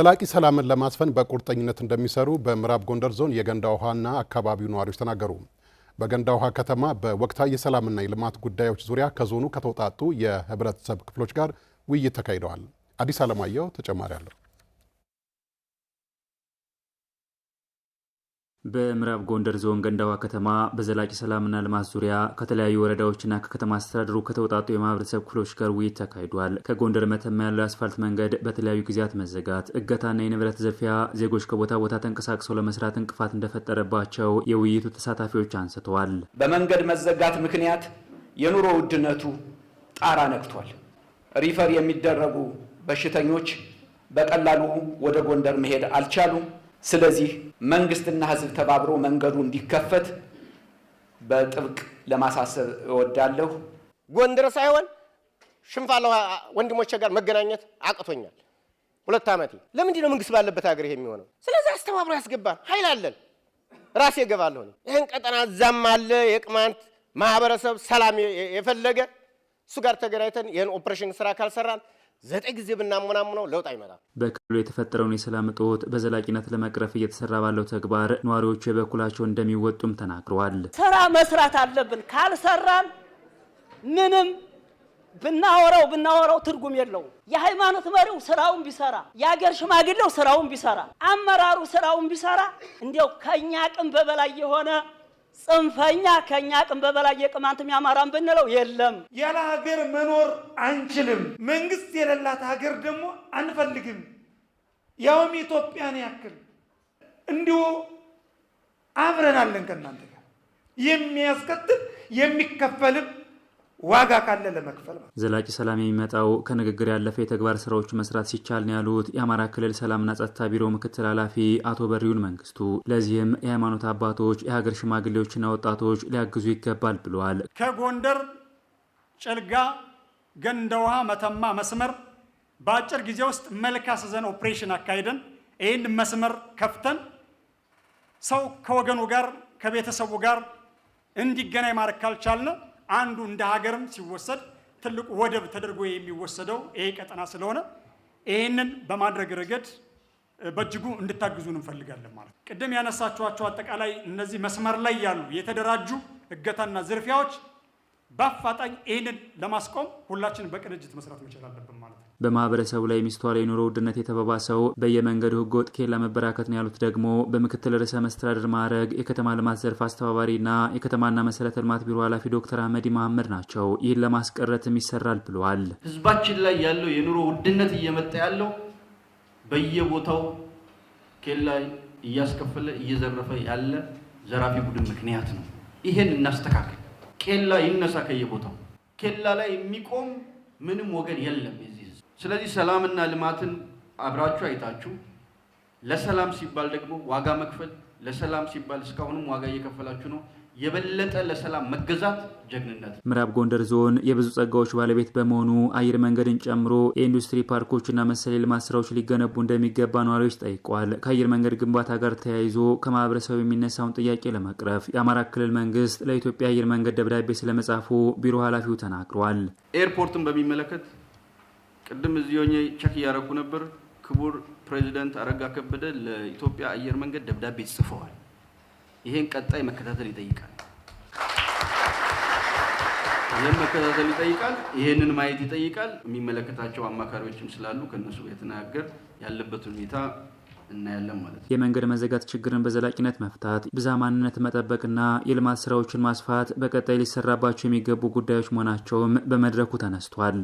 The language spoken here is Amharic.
ዘላቂ ሰላምን ለማስፈን በቁርጠኝነት እንደሚሰሩ በምዕራብ ጎንደር ዞን የገንዳ ውሃና አካባቢው ነዋሪዎች ተናገሩ። በገንዳ ውሃ ከተማ በወቅታዊ የሰላምና የልማት ጉዳዮች ዙሪያ ከዞኑ ከተውጣጡ የህብረተሰብ ክፍሎች ጋር ውይይት ተካሂደዋል። አዲስ አለማየሁ ተጨማሪ አለው። በምዕራብ ጎንደር ዞን ገንዳዋ ከተማ በዘላቂ ሰላምና ልማት ዙሪያ ከተለያዩ ወረዳዎችና ከከተማ አስተዳደሩ ከተውጣጡ የማህበረሰብ ክፍሎች ጋር ውይይት ተካሂዷል። ከጎንደር መተማ ያለው የአስፋልት መንገድ በተለያዩ ጊዜያት መዘጋት፣ እገታና የንብረት ዘፊያ ዜጎች ከቦታ ቦታ ተንቀሳቅሰው ለመስራት እንቅፋት እንደፈጠረባቸው የውይይቱ ተሳታፊዎች አንስተዋል። በመንገድ መዘጋት ምክንያት የኑሮ ውድነቱ ጣራ ነክቷል። ሪፈር የሚደረጉ በሽተኞች በቀላሉ ወደ ጎንደር መሄድ አልቻሉም። ስለዚህ መንግስትና ህዝብ ተባብሮ መንገዱ እንዲከፈት በጥብቅ ለማሳሰብ እወዳለሁ። ጎንደር ሳይሆን ሽንፋለ ወንድሞቼ ጋር መገናኘት አቅቶኛል። ሁለት ዓመቴ። ለምንድን ነው መንግስት ባለበት ሀገር ይሄ የሚሆነው? ስለዚህ አስተባብሮ ያስገባል። ኃይል አለን። ራሴ እገባለሁ። ይህን ቀጠና እዛም አለ የቅማንት ማህበረሰብ ሰላም የፈለገ እሱ ጋር ተገናኝተን ይህን ኦፕሬሽን ስራ ካልሰራን ዘጠኝ ጊዜ ብናሙናሙነው ለውጥ አይመጣም። በክልሉ የተፈጠረውን የሰላም እጦት በዘላቂነት ለመቅረፍ እየተሰራ ባለው ተግባር ነዋሪዎቹ የበኩላቸው እንደሚወጡም ተናግረዋል። ስራ መስራት አለብን። ካልሰራን ምንም ብናወራው ብናወራው ትርጉም የለውም። የሃይማኖት መሪው ስራውን ቢሰራ፣ የአገር ሽማግሌው ስራውን ቢሰራ፣ አመራሩ ስራውን ቢሰራ እንዲያው ከእኛ አቅም በበላይ የሆነ ጽንፈኛ ከኛ ቅን በበላይ የቅማንት የሚያማራን ብንለው የለም። ያለ ሀገር መኖር አንችልም። መንግስት የሌላት ሀገር ደግሞ አንፈልግም። ያውም ኢትዮጵያን ያክል እንዲሁ አብረናለን ከእናንተ ጋር የሚያስከትል የሚከፈልም ዋጋ ካለ ለመክፈል ዘላቂ ሰላም የሚመጣው ከንግግር ያለፈ የተግባር ስራዎች መስራት ሲቻል ነው ያሉት የአማራ ክልል ሰላምና ጸጥታ ቢሮ ምክትል ኃላፊ አቶ በሪውን መንግስቱ። ለዚህም የሃይማኖት አባቶች፣ የሀገር ሽማግሌዎችና ወጣቶች ሊያግዙ ይገባል ብለዋል። ከጎንደር ጭልጋ ገንደ ውሃ፣ መተማ መስመር በአጭር ጊዜ ውስጥ መልክ አስዘን ኦፕሬሽን አካሂደን ይህን መስመር ከፍተን ሰው ከወገኑ ጋር ከቤተሰቡ ጋር እንዲገናኝ ማድረግ ካልቻልነው አንዱ እንደ ሀገርም ሲወሰድ ትልቁ ወደብ ተደርጎ የሚወሰደው ይሄ ቀጠና ስለሆነ ይህንን በማድረግ ረገድ በእጅጉ እንድታግዙን እንፈልጋለን። ማለት ቅድም ያነሳችኋቸው አጠቃላይ እነዚህ መስመር ላይ ያሉ የተደራጁ እገታና ዝርፊያዎች በአፋጣኝ ይህንን ለማስቆም ሁላችንም በቅንጅት መስራት መቻል አለብን። በማህበረሰቡ ላይ የሚስተዋለው የኑሮ ውድነት የተባባሰው በየመንገዱ ህገወጥ ኬላ መበራከት ነው ያሉት ደግሞ በምክትል ርዕሰ መስተዳድር ማዕረግ የከተማ ልማት ዘርፍ አስተባባሪና የከተማና መሰረተ ልማት ቢሮ ኃላፊ ዶክተር አህመዲ መሐመድ ናቸው። ይህን ለማስቀረትም ይሰራል ብለዋል። ህዝባችን ላይ ያለው የኑሮ ውድነት እየመጣ ያለው በየቦታው ኬላ እያስከፈለ እየዘረፈ ያለ ዘራፊ ቡድን ምክንያት ነው። ይሄን እናስተካክል። ኬላ ይነሳ ከየቦታው ኬላ ላይ የሚቆም ምንም ወገን የለም። ስለዚህ ሰላምና ልማትን አብራችሁ አይታችሁ ለሰላም ሲባል ደግሞ ዋጋ መክፈል ለሰላም ሲባል እስካሁንም ዋጋ እየከፈላችሁ ነው። የበለጠ ለሰላም መገዛት ጀግንነት። ምዕራብ ጎንደር ዞን የብዙ ጸጋዎች ባለቤት በመሆኑ አየር መንገድን ጨምሮ የኢንዱስትሪ ፓርኮችና መሰል የልማት ስራዎች ሊገነቡ እንደሚገባ ነዋሪዎች ጠይቋል። ከአየር መንገድ ግንባታ ጋር ተያይዞ ከማህበረሰቡ የሚነሳውን ጥያቄ ለመቅረፍ የአማራ ክልል መንግስት ለኢትዮጵያ አየር መንገድ ደብዳቤ ስለመጻፉ ቢሮ ኃላፊው ተናግሯል። ኤርፖርትን በሚመለከት ቅድም እዚህ ሆኜ ቸክ እያደረኩ ነበር። ክቡር ፕሬዚደንት አረጋ ከበደ ለኢትዮጵያ አየር መንገድ ደብዳቤ ጽፈዋል። ይሄን ቀጣይ መከታተል ይጠይቃል። ይህን መከታተል ይጠይቃል። ይህንን ማየት ይጠይቃል። የሚመለከታቸው አማካሪዎችም ስላሉ ከእነሱ የተናገር ያለበት ሁኔታ እናያለን ማለት ነው። የመንገድ መዘጋት ችግርን በዘላቂነት መፍታት፣ ብዛ ማንነት መጠበቅና የልማት ስራዎችን ማስፋት በቀጣይ ሊሰራባቸው የሚገቡ ጉዳዮች መሆናቸውም በመድረኩ ተነስቷል።